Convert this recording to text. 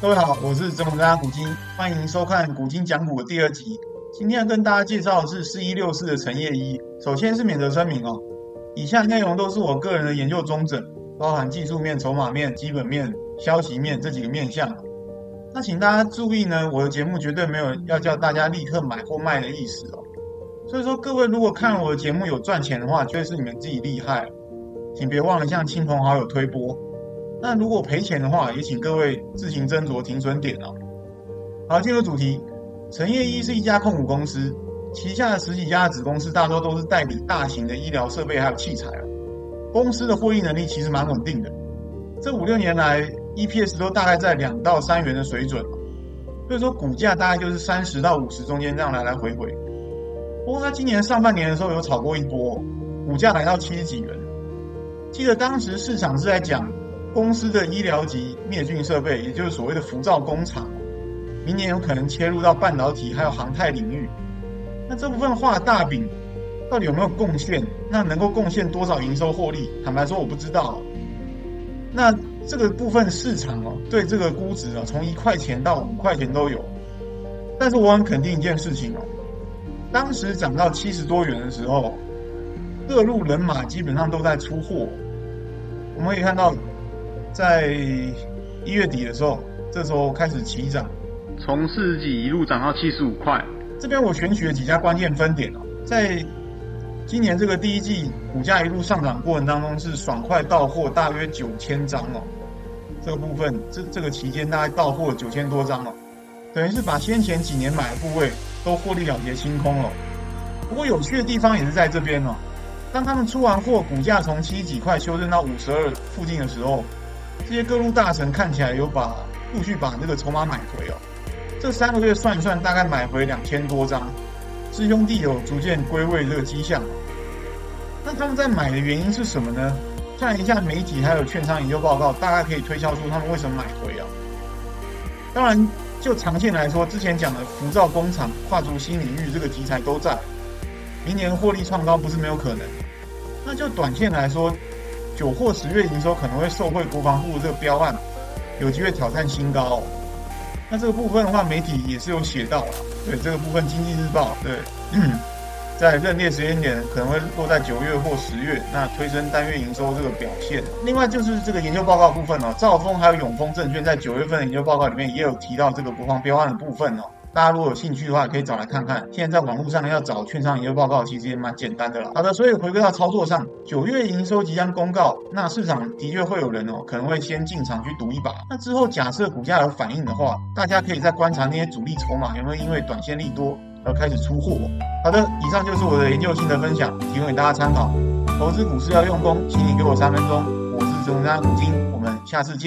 各位好，我是曾大家股晶，歡迎收看《股晶講股》的第二集。今天要跟大家介紹的是四一六四的承業醫。首先是免責聲明哦，以下內容都是我個人的研究綜整，包含技術面、籌碼面、基本面、消息面這幾個面向。那請大家注意呢，我的節目絕對沒有要叫大家立刻買或賣的意思哦。所以說，各位如果看了我的節目有賺錢的話，確實是你們自己厲害了，請別忘了向親朋好友推播。那如果賠錢的話，也請各位自行斟酌停損點哦。好，進入主題，承業醫是一家控股公司，旗下的十幾家子公司大多都是代理大型的醫療設備還有器材、哦、公司的獲利能力其實蠻穩定的，這五六年來 EPS 都大概在兩到三元的水準、哦，所以說股價大概就是三十到五十中間這樣來來回回。不過他今年上半年的時候有炒過一波，股價來到七十幾元，記得當時市場是在講。公司的醫療級滅菌設備，也就是所謂的“輻照工廠”，明年有可能切入到半導體還有航太領域。那這部分畫大餅到底有沒有貢獻？那能夠貢獻多少營收獲利？坦白說，我不知道。那這個部分市場哦，對這個估值啊，從一塊錢到五塊錢都有。但是我很肯定一件事情哦，當時漲到七十多元的時候，各路人馬基本上都在出貨。我們可以看到。在一月底的時候，這時候開始起漲，從四十幾一路漲到七十五塊。這邊我選取了幾家關鍵分點哦，在今年這個第一季股價一路上漲過程當中，是爽快到貨大約九千張哦。這個部分這這個期間大概到貨九千多張了哦，等於是把先前幾年買的部位都獲利了結清空了。不過有趣的地方也是在這邊哦，當他們出完貨，股價從七十幾塊修正到五十二附近的時候。這些各路大神看起來有把陸續把這個籌碼買回哦、啊，這三個月算一算，大概買回兩千多張，師兄弟有逐漸歸位這個跡象。那他們在買的原因是什麼呢？看一下媒體還有券商研究報告，大概可以推敲出他們為什麼買回啊。當然，就長線來說，之前講的輻照工廠跨足新領域這個題材都在，明年獲利創高不是沒有可能。那就短線來說。九或十月營收可能會受惠國防部這個標案，有機會挑戰新高哦。那這個部分的話，媒體也是有寫到，對這個部分，《經濟日報》對， 在認列時間點可能會落在九月或十月，那推升單月營收這個表現。另外就是這個研究報告部分呢，哦，兆豐還有永豐證券在九月份的研究報告裡面也有提到這個國防標案的部分哦。大家如果有興趣的話，可以找來看看。現在在網絡上要找券商研究報告，其實也蠻簡單的了。好的，所以回歸到操作上，九月營收即將公告，那市場的確會有人哦，可能會先進場去賭一把。那之後假設股價有反應的話，大家可以再觀察那些主力籌碼有沒有因為短線利多而開始出貨。好的，以上就是我的研究性的分享，提供給大家參考。投資股市要用功，請你給我三分鐘。我是陳三木金，我們下次見。